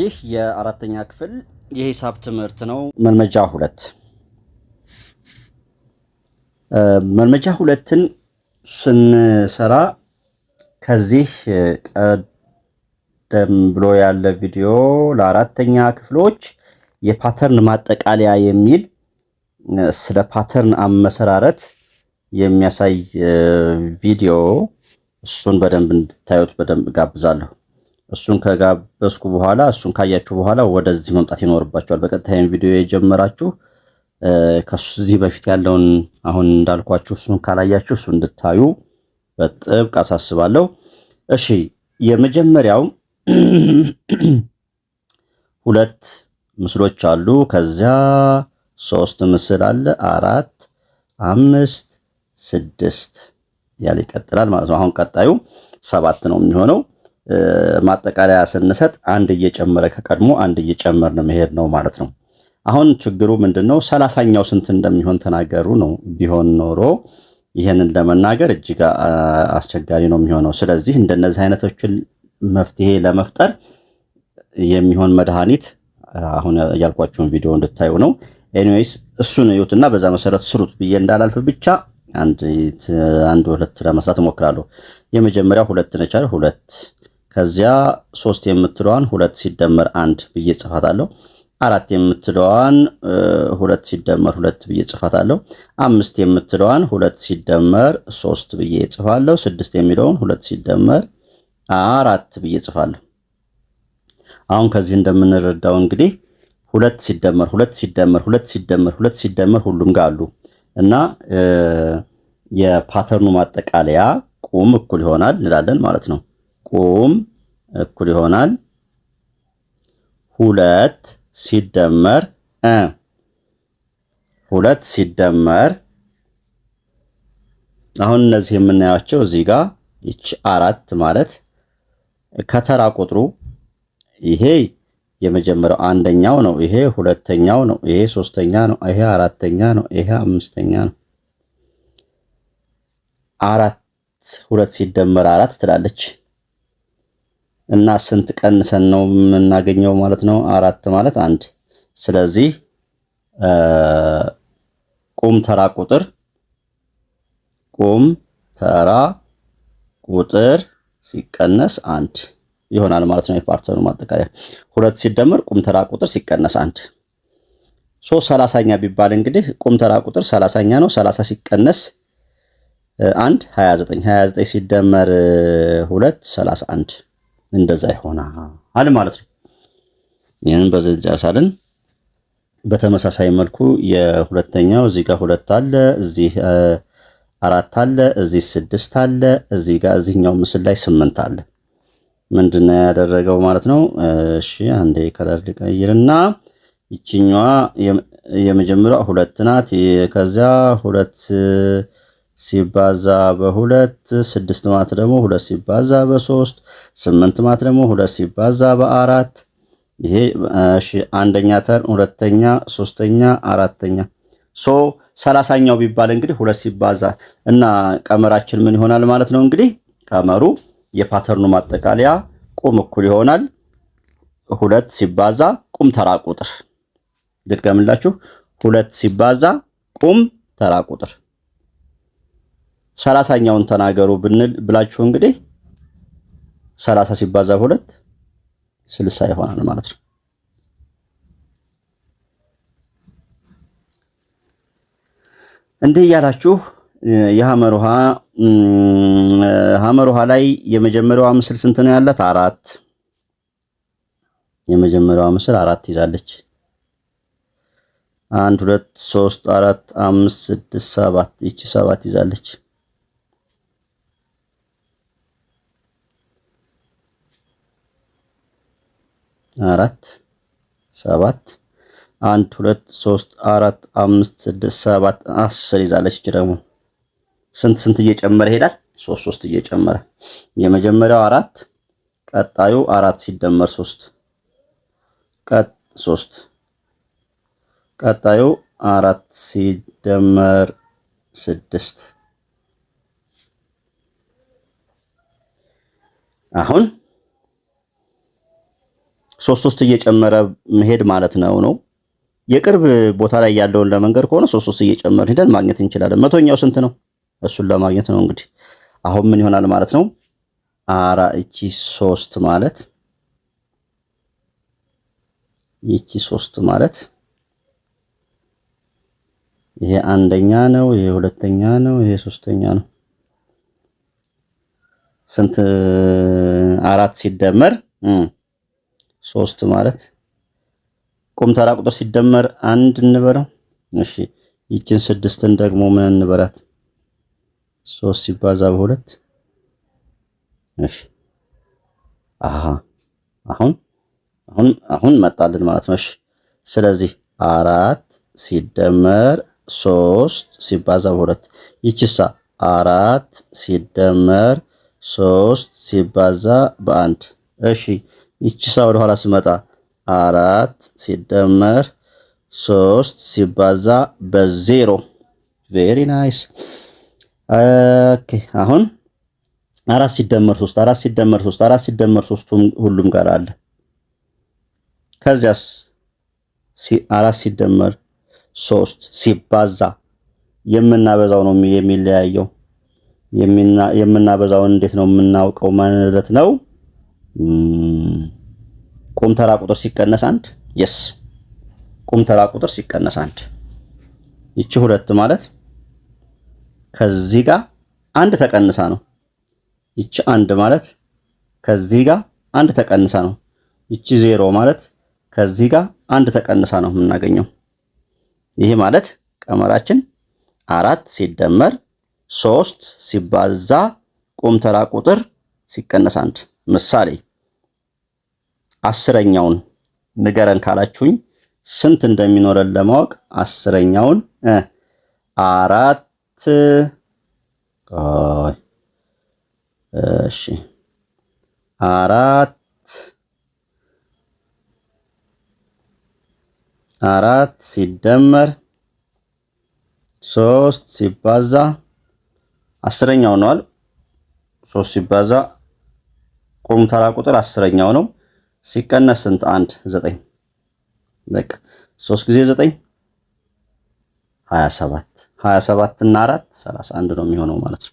ይህ የአራተኛ ክፍል የሂሳብ ትምህርት ነው። መልመጃ ሁለት መልመጃ ሁለትን ስንሰራ ከዚህ ቀደም ብሎ ያለ ቪዲዮ ለአራተኛ ክፍሎች የፓተርን ማጠቃለያ የሚል ስለ ፓተርን አመሰራረት የሚያሳይ ቪዲዮ እሱን በደንብ እንድታዩት በደንብ ጋብዛለሁ። እሱን ከጋበዝኩ በኋላ እሱን ካያችሁ በኋላ ወደዚህ መምጣት ይኖርባችኋል። በቀጥታ ቪዲዮ የጀመራችሁ ከዚህ በፊት ያለውን አሁን እንዳልኳችሁ እሱን ካላያችሁ እሱ እንድታዩ በጥብቅ አሳስባለሁ። እሺ የመጀመሪያው ሁለት ምስሎች አሉ። ከዚያ ሶስት ምስል አለ። አራት፣ አምስት፣ ስድስት ያለ ይቀጥላል ማለት ነው። አሁን ቀጣዩ ሰባት ነው የሚሆነው ማጠቃለያ ስንሰጥ አንድ እየጨመረ ከቀድሞ አንድ እየጨመርን መሄድ ነው ማለት ነው። አሁን ችግሩ ምንድን ነው? ሰላሳኛው ስንት እንደሚሆን ተናገሩ ነው። ቢሆን ኖሮ ይህንን ለመናገር እጅግ አስቸጋሪ ነው የሚሆነው። ስለዚህ እንደነዚህ አይነቶችን መፍትሄ ለመፍጠር የሚሆን መድኃኒት አሁን ያልኳቸውን ቪዲዮ እንድታዩ ነው። ኤኒዌይስ እሱን እዩትና በዛ መሰረት ስሩት ብዬ እንዳላልፍ ብቻ አንድ ሁለት ለመስራት እሞክራለሁ። የመጀመሪያው ሁለት ነቻለ ሁለት ከዚያ ሶስት የምትለዋን ሁለት ሲደመር አንድ ብዬ ጽፋታለሁ። አራት የምትለዋን ሁለት ሲደመር ሁለት ብዬ ጽፋታለሁ። አምስት የምትለዋን ሁለት ሲደመር ሶስት ብዬ ጽፋለሁ። ስድስት የሚለውን ሁለት ሲደመር አራት ብዬ ጽፋለሁ። አሁን ከዚህ እንደምንረዳው እንግዲህ ሁለት ሲደመር ሁለት ሲደመር ሁለት ሲደመር ሁለት ሲደመር ሁሉም ጋር አሉ እና የፓተርኑ ማጠቃለያ ቁም እኩል ይሆናል እንላለን ማለት ነው። ቁም እኩል ይሆናል ሁለት ሲደመር እ ሁለት ሲደመር አሁን እነዚህ የምናያቸው እዚህ ጋር ይች አራት ማለት ከተራ ቁጥሩ ይሄ የመጀመሪያው አንደኛው ነው። ይሄ ሁለተኛው ነው። ይሄ ሶስተኛ ነው። ይሄ አራተኛ ነው። ይሄ አምስተኛ ነው። አራት ሁለት ሲደመር አራት ትላለች። እና ስንት ቀንሰን ነው የምናገኘው ማለት ነው? አራት ማለት አንድ። ስለዚህ ቁም ተራ ቁጥር ቁም ተራ ቁጥር ሲቀነስ አንድ ይሆናል ማለት ነው። የፓርተኑ ማጠቃለያ ሁለት ሲደመር ቁም ተራ ቁጥር ሲቀነስ አንድ። ሶስት ሰላሳኛ ቢባል እንግዲህ ቁም ተራ ቁጥር ሰላሳኛ ነው። ሰላሳ ሲቀነስ አንድ ሀያ ዘጠኝ ሀያ ዘጠኝ ሲደመር ሁለት ሰላሳ አንድ እንደዛ ይሆናል ማለት ነው። ይህን በዚህ ጨርሳለን። በተመሳሳይ መልኩ የሁለተኛው እዚህ ጋር ሁለት አለ፣ እዚህ አራት አለ፣ እዚህ ስድስት አለ፣ እዚህ ጋር እዚህኛው ምስል ላይ ስምንት አለ። ምንድነው ያደረገው ማለት ነው? እሺ አንዴ ከለር ልቀይርና ይችኛዋ የመጀመሪያ ሁለት ናት። ከዚያ ሁለት ሲባዛ በሁለት ስድስት ማለት ደግሞ ሁለት ሲባዛ በሶስት ስምንት ማለት ደግሞ ሁለት ሲባዛ በአራት ይሄ አንደኛ ተርም፣ ሁለተኛ፣ ሶስተኛ፣ አራተኛ ሶ ሰላሳኛው ቢባል እንግዲህ ሁለት ሲባዛ እና ቀመራችን ምን ይሆናል ማለት ነው። እንግዲህ ቀመሩ የፓተርኑ ማጠቃለያ ቁም እኩል ይሆናል ሁለት ሲባዛ ቁም ተራ ቁጥር። ልድገምላችሁ ሁለት ሲባዛ ቁም ተራ ቁጥር ሰላሳኛውን ተናገሩ ብንል ብላችሁ እንግዲህ ሰላሳ ሲባዛ ሁለት ስልሳ ይሆናል ማለት ነው። እንዲህ እያላችሁ የሐመር ውሃ ሐመር ውሃ ላይ የመጀመሪያዋ ምስል ስንት ነው ያላት? አራት። የመጀመሪያዋ ምስል አራት ይዛለች። አንድ ሁለት ሶስት አራት አምስት ስድስት ሰባት ይቺ ሰባት ይዛለች። አራት ሰባት አንድ ሁለት ሶስት አራት አምስት ስድስት ሰባት አስር ይዛለች። እች ደግሞ ስንት ስንት እየጨመረ ይሄዳል? ሶስት ሶስት እየጨመረ የመጀመሪያው አራት ቀጣዩ አራት ሲደመር ሶስት ቀጥ ሶስት ቀጣዩ አራት ሲደመር ስድስት አሁን ሶስት ሶስት እየጨመረ መሄድ ማለት ነው ነው የቅርብ ቦታ ላይ ያለውን ለመንገድ ከሆነ ሶስት ሶስት እየጨመርን ሄደን ማግኘት እንችላለን። መቶኛው ስንት ነው? እሱን ለማግኘት ነው እንግዲህ አሁን ምን ይሆናል ማለት ነው አራ እቺ ሶስት ማለት ይቺ ሶስት ማለት ይሄ አንደኛ ነው፣ ይሄ ሁለተኛ ነው፣ ይሄ ሶስተኛ ነው። ስንት አራት ሲደመር ሶስት ማለት ቁም ተራ ቁጥር ሲደመር አንድ እንበለው። እሺ ይችን ስድስትን ደግሞ ምን እንበላት? ሶስት ሲባዛ በሁለት እሺ። አሃ አሁን አሁን አሁን መጣልን ማለት ነው። እሺ ስለዚህ አራት ሲደመር ሶስት ሲባዛ በሁለት ይችሳ አራት ሲደመር ሶስት ሲባዛ በአንድ እሺ ይችሳ ወደ ኋላ ስመጣ አራት ሲደመር ሶስት ሲባዛ በዜሮ ቬሪ ናይስ። ኦኬ አሁን አራት ሲደመር ሶስት አራት ሲደመር ሶስት አራት ሲደመር ሶስቱም ሁሉም ጋር አለ። ከዚያስ አራት ሲደመር ሶስት ሲባዛ የምናበዛው ነው የሚለያየው። የምናበዛውን እንዴት ነው የምናውቀው ማለት ነው? ቁምተራ ቁጥር ሲቀነስ አንድ የስ ቁምተራ ቁጥር ሲቀነስ አንድ ይቺ ሁለት ማለት ከዚህ ጋር አንድ ተቀንሳ ነው። ይቺ አንድ ማለት ከዚህ ጋር አንድ ተቀንሳ ነው። ይቺ ዜሮ ማለት ከዚህ ጋር አንድ ተቀንሳ ነው የምናገኘው። ይሄ ማለት ቀመራችን አራት ሲደመር ሶስት ሲባዛ ተራ ቁጥር ሲቀነስ አንድ ምሳሌ አስረኛውን ንገረን ካላችሁኝ ስንት እንደሚኖረን ለማወቅ አስረኛውን አራት እሺ አራት አራት ሲደመር ሶስት ሲባዛ አስረኛው ነዋል። ሶስት ሲባዛ ቁም ተራ ቁጥር አስረኛው ነው። ሲቀነስ ስንት? አንድ ዘጠኝ። በቃ ሶስት ጊዜ ዘጠኝ ሀያ ሰባት ሀያ ሰባት እና አራት ሰላሳ አንድ ነው የሚሆነው ማለት ነው።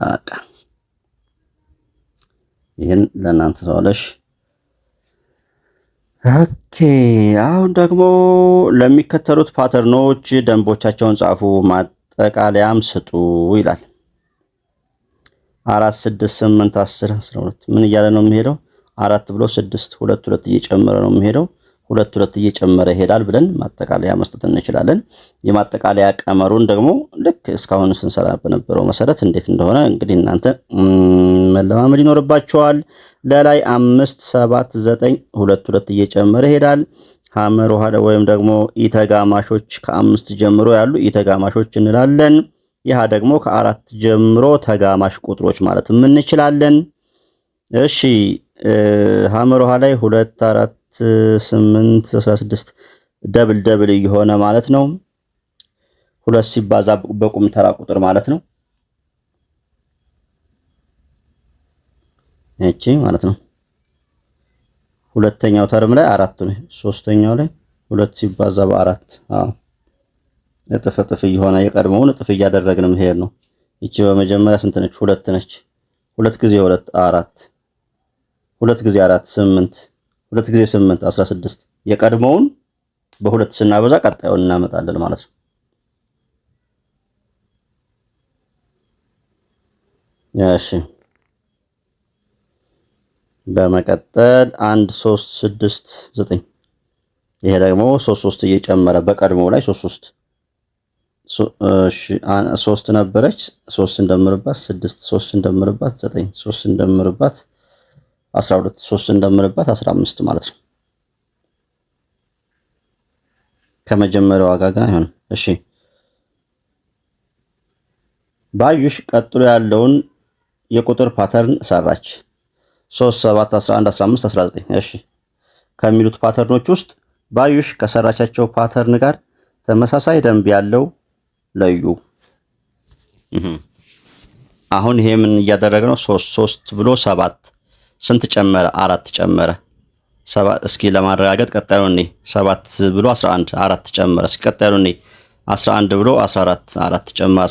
በቃ ይህን ለእናንተ ተዋለሽ። ኦኬ አሁን ደግሞ ለሚከተሉት ፓተርኖች ደንቦቻቸውን ጻፉ፣ ማጠቃለያም ስጡ ይላል። አራት ስድስት ስምንት አስር አስራ ሁለት ምን እያለ ነው የሚሄደው? አራት ብሎ ስድስት ሁለት ሁለት እየጨመረ ነው የሚሄደው። ሁለት ሁለት እየጨመረ ይሄዳል ብለን ማጠቃለያ መስጠት እንችላለን። የማጠቃለያ ቀመሩን ደግሞ ልክ እስካሁን ስንሰራ በነበረው መሰረት እንዴት እንደሆነ እንግዲህ እናንተ መለማመድ ይኖርባችኋል። ለላይ አምስት ሰባት ዘጠኝ ሁለት ሁለት እየጨመረ ይሄዳል። ሀመር ውሃ ወይም ደግሞ ኢተጋማሾች ከአምስት ጀምሮ ያሉ ኢተጋማሾች እንላለን። ይህ ደግሞ ከአራት ጀምሮ ተጋማሽ ቁጥሮች ማለት እንችላለን። እሺ ሀመሮሃ ላይ ሁለት አራት ስምንት አስራ ስድስት ደብል ደብል እየሆነ ማለት ነው። ሁለት ሲባዛ በቁም ተራ ቁጥር ማለት ነው። እቺ ማለት ነው። ሁለተኛው ተርም ላይ አራት ነው። ሶስተኛው ላይ ሁለት ሲባዛ በአራት አዎ እጥፍ እጥፍ እየሆነ የቀድሞውን እጥፍ እያደረግን መሄድ ነው። ይቺ በመጀመሪያ ስንት ነች? ሁለት ነች። ሁለት ጊዜ ሁለት አራት፣ ሁለት ጊዜ አራት ስምንት፣ ሁለት ጊዜ ስምንት አስራ ስድስት። የቀድሞውን በሁለት ስናበዛ ቀጣዩን እናመጣለን ማለት ነው። እሺ በመቀጠል አንድ ሶስት ስድስት ዘጠኝ። ይሄ ደግሞ ሶስት ሶስት እየጨመረ በቀድሞው ላይ ሶስት ሶስት ሶስት ነበረች። ሶስት እንደምርባት ስድስት ሶስት እንደምርባት ዘጠኝ ሶስት እንደምርባት አስራ ሁለት ሶስት እንደምርባት አስራ አምስት ማለት ነው። ከመጀመሪያው ዋጋ ጋር አይሆንም። እሺ ባዩሽ ቀጥሎ ያለውን የቁጥር ፓተርን ሰራች። 3 7 11 15 19 እሺ ከሚሉት ፓተርኖች ውስጥ ባዩሽ ከሰራቻቸው ፓተርን ጋር ተመሳሳይ ደንብ ያለው ለዩ። አሁን ይሄ ምን ነው? ሶስት ሶስት ብሎ ሰባት ስንት ጨመረ? አራት ጨመረ። እስኪ ለማረጋገጥ ቀጣዩ እኔ ሰባት ብሎ 11 አራት ጨመረ። እስኪ ቀጣዩ እኔ 11 ብሎ 14 አራት ጨመረ።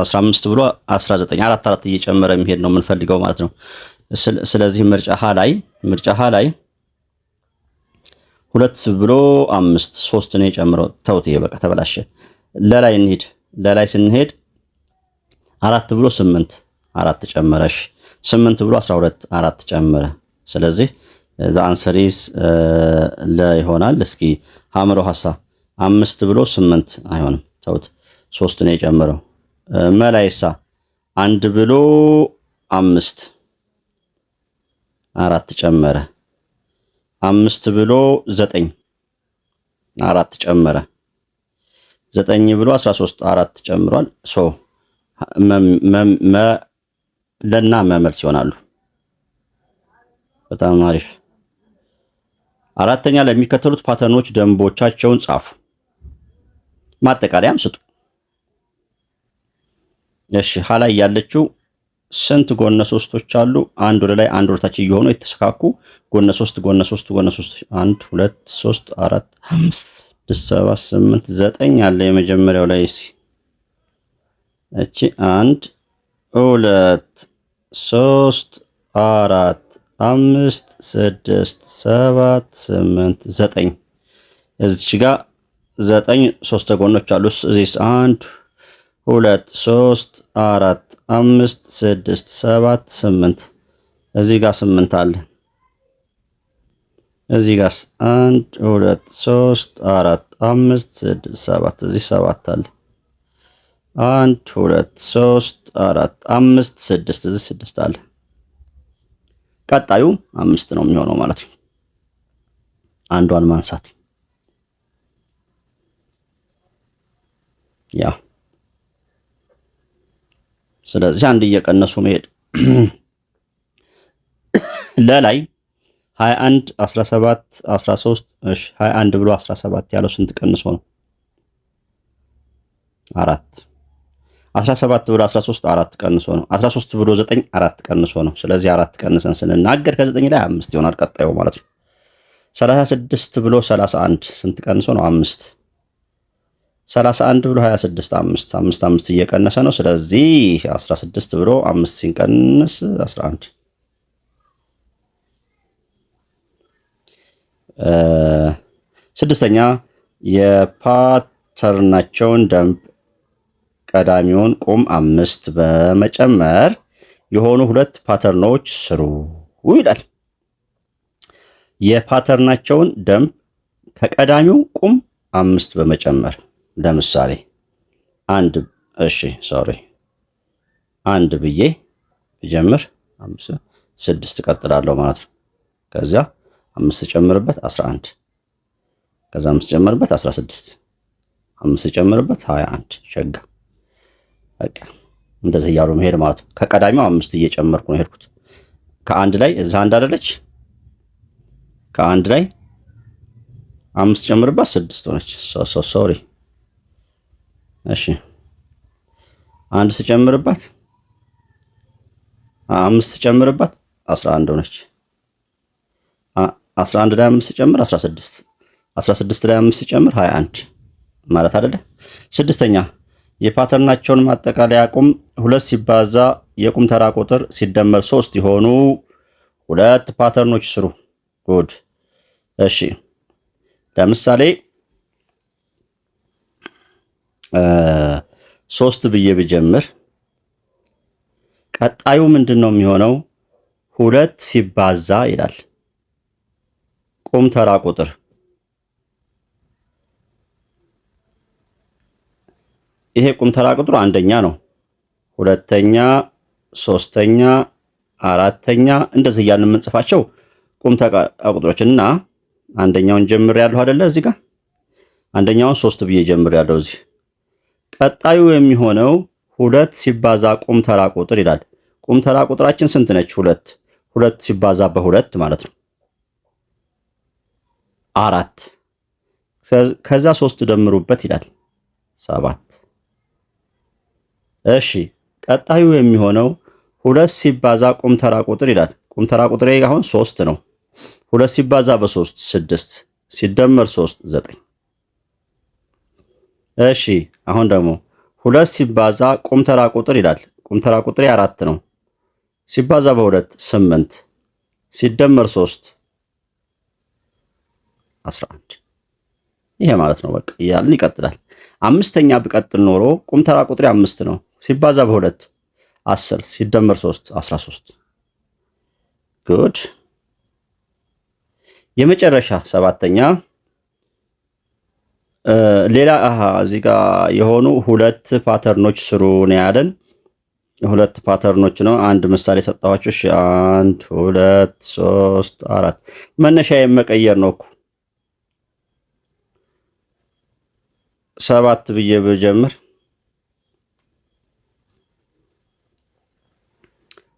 15 ብሎ 19 አራት አራት እየጨመረ የሚሄድ ነው የምንፈልገው ማለት ነው። ስለዚህ ምርጫ ሀ ላይ ምርጫ ሀ ላይ ሁለት ብሎ አምስት ሶስት ነው የጨምረው። ተውት፣ ይሄ በቃ ተበላሸ። ለላይ እንሂድ ለላይ ስንሄድ አራት ብሎ ስምንት አራት ጨመረሽ ስምንት ብሎ 12 አራት ጨመረ። ስለዚህ ዘ uh, ለ ይሆናል። እስኪ ሀምሮ ሀሳ አምስት ብሎ ስምንት አይሆንም፣ ተውት ሶስት ነው የጨመረው። uh, መላይሳ አንድ ብሎ አምስት አራት ጨመረ። አምስት ብሎ ዘጠኝ አራት ጨመረ። ዘጠኝ ብሎ 13 አራት ጨምሯል። ሶ ለና መመልስ ይሆናሉ። በጣም አሪፍ። አራተኛ ለሚከተሉት ፓተርኖች ደንቦቻቸውን ጻፉ፣ ማጠቃለያም ስጡ። እሺ ሀ ላይ ያለችው ስንት ጎነ ሶስቶች አሉ? አንድ ወደ ላይ አንድ ወደታች እየሆኑ የተሰካኩ ጎነ ሶስት ጎነ ሶስት ጎነ ሶስት አንድ ሁለት ሶስት አራት አምስት ስድስት ሰባት ስምንት ዘጠኝ አለ የመጀመሪያው ላይ እስኪ እቺ አንድ ሁለት ሶስት አራት አምስት ስድስት ሰባት ስምንት ዘጠኝ እዚች ጋር ዘጠኝ ሶስት ተጎኖች አሉ። እዚህ አንድ ሁለት ሶስት አራት አምስት ስድስት ሰባት ስምንት እዚህ ጋር ስምንት አለ። እዚህ ጋርስ አንድ ሁለት ሶስት አራት አምስት ስድስት ሰባት እዚህ ሰባት አለ። አንድ ሁለት ሶስት አራት አምስት ስድስት እዚህ ስድስት አለ። ቀጣዩ አምስት ነው የሚሆነው ማለት ነው። አንዷን ማንሳት ያ ስለዚህ አንድ እየቀነሱ መሄድ ለላይ 21 17 13 እሺ 21 ብሎ 17 ያለው ስንት ቀንሶ ነው? አራት 17 ብሎ 13 አራት ቀንሶ ነው። 13 ብሎ 9 አራት ቀንሶ ነው። ስለዚህ አራት ቀንሰን ስንናገር ከ9 ላይ አምስት ይሆናል ቀጣዩ ማለት ነው። 36 ብሎ 31 ስንት ቀንሶ ነው? አምስት 31 ብሎ 26 5 5 5 እየቀነሰ ነው። ስለዚህ 16 ብሎ 5 ሲንቀንስ 11 ስድስተኛ የፓተርናቸውን ደንብ ቀዳሚውን ቁም አምስት በመጨመር የሆኑ ሁለት ፓተርኖች ስሩ ይላል። የፓተርናቸውን ደንብ ከቀዳሚው ቁም አምስት በመጨመር ለምሳሌ አንድ እሺ፣ ሶሪ አንድ ብዬ ብጀምር ስድስት እቀጥላለሁ ማለት ነው ከዚያ አምስት ጨምርበት 11 ከዛ አምስት ጨምርበት 16 አምስት ጨምርበት 21 ሸጋ። በቃ እንደዚህ እያሉ መሄድ ማለት ነው። ከቀዳሚው አምስት እየጨመርኩ ነው ሄድኩት። ከአንድ ላይ እዛ አንድ አይደለች፣ ከአንድ ላይ አምስት ጨምርባት ስድስት ሆነች። ሶሪ እሺ፣ አንድ ስጨምርባት አምስት ስጨምርባት 11 ሆነች። 11 ላይ 5 ሲጨምር 16 16 ላይ 5 ሲጨምር 21 ማለት አይደለ? ስድስተኛ የፓተርናቸውን ማጠቃለያ ቁም ሁለት ሲባዛ የቁም ተራ ቁጥር ሲደመር ሶስት የሆኑ ሁለት ፓተርኖች ስሩ። ጉድ። እሺ ለምሳሌ ሶስት ብዬ ብጀምር ቀጣዩ ምንድን ነው የሚሆነው? ሁለት ሲባዛ ይላል ቁም ተራ ቁጥር ይሄ ቁም ተራ ቁጥሩ አንደኛ ነው። ሁለተኛ፣ ሶስተኛ፣ አራተኛ እንደዚህ እያልን የምንጽፋቸው ቁም ተራ ቁጥሮች እና አንደኛውን ጀምር ያለሁ አይደለ? እዚህ ጋር አንደኛውን ሶስት ብዬ ጀምር ያለው እዚህ ቀጣዩ የሚሆነው ሁለት ሲባዛ ቁም ተራ ቁጥር ይላል። ቁም ተራ ቁጥራችን ስንት ነች? ሁለት። ሁለት ሲባዛ በሁለት ማለት ነው። አራት ከዛ ሶስት ደምሩበት ይላል ሰባት። እሺ ቀጣዩ የሚሆነው ሁለት ሲባዛ ቁም ተራ ቁጥር ይላል። ቁም ተራ ቁጥሬ አሁን ሶስት ነው። ሁለት ሲባዛ በሶስት ስድስት ሲደመር ሶስት ዘጠኝ። እሺ አሁን ደግሞ ሁለት ሲባዛ ቁም ተራ ቁጥር ይላል። ቁም ተራ ቁጥሬ አራት ነው። ሲባዛ በሁለት ስምንት ሲደመር ሶስት 11 ይሄ ማለት ነው። በቃ እያልን ይቀጥላል። አምስተኛ ብቀጥል ኖሮ ቁም ተራ ቁጥሬ አምስት ነው ሲባዛ በሁለት አስር ሲደመር ሶስት አስራ ሶስት ጉድ። የመጨረሻ ሰባተኛ ሌላ አሃ እዚህ ጋር የሆኑ ሁለት ፓተርኖች ስሩ ነው ያለን። ሁለት ፓተርኖች ነው አንድ ምሳሌ ሰጣኋችሁ። አንድ ሁለት ሶስት አራት መነሻ የመቀየር ነው እኮ ሰባት ብዬ ብጀምር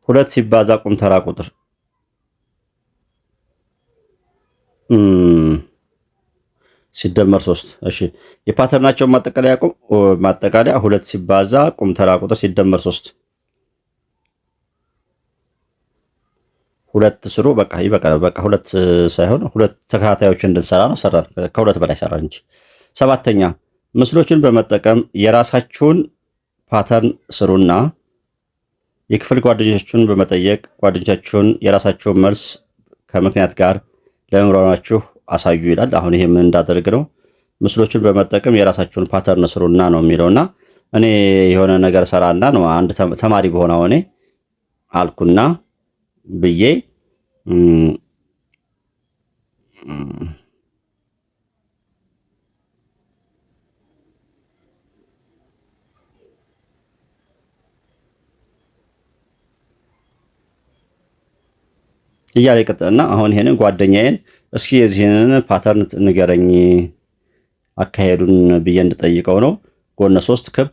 ሁለት ሲባዛ ቁም ተራ ቁጥር ሲደመር ሶስት እሺ የፓተርናቸውን ማጠቃለያ ቁም ማጠቃለያ ሁለት ሲባዛ ቁም ተራ ቁጥር ሲደመር ሶስት ሁለት ስሩ በቃ ይበቃ በቃ ሁለት ሳይሆን ሁለት ተከታታዮች እንድንሰራ ነው ሰራን ከሁለት በላይ ሰራን እንጂ ሰባተኛ ምስሎችን በመጠቀም የራሳችሁን ፓተርን ስሩና የክፍል ጓደኞቻችሁን በመጠየቅ ጓደኞቻችሁን የራሳችሁን መልስ ከምክንያት ጋር ለመምራናችሁ አሳዩ ይላል። አሁን ይሄ ምን እንዳደርግ ነው? ምስሎችን በመጠቀም የራሳችሁን ፓተርን ስሩና ነው የሚለውና እኔ የሆነ ነገር ሰራና ነው አንድ ተማሪ በሆነ ሆኔ አልኩና ብዬ እያለ ይቀጥልና አሁን ይሄንን ጓደኛዬን እስኪ የዚህንን ፓተርን ንገረኝ አካሄዱን ብዬ እንድጠይቀው ነው። ጎነ ሶስት ክብ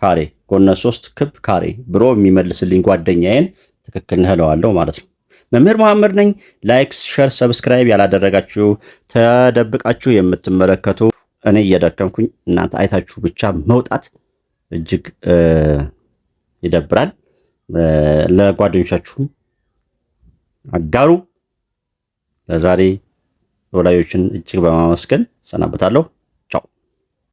ካሬ ጎነ ሶስት ክብ ካሬ ብሎ የሚመልስልኝ ጓደኛዬን ትክክል ነህ እለዋለሁ ማለት ነው። መምህር መሐመድ ነኝ። ላይክ፣ ሸር፣ ሰብስክራይብ ያላደረጋችሁ ተደብቃችሁ የምትመለከቱ እኔ እየደከምኩኝ እናንተ አይታችሁ ብቻ መውጣት እጅግ ይደብራል። ለጓደኞቻችሁም አጋሩ። ለዛሬ ወላጆችን እጅግ በማመስገን ሰናበታለሁ።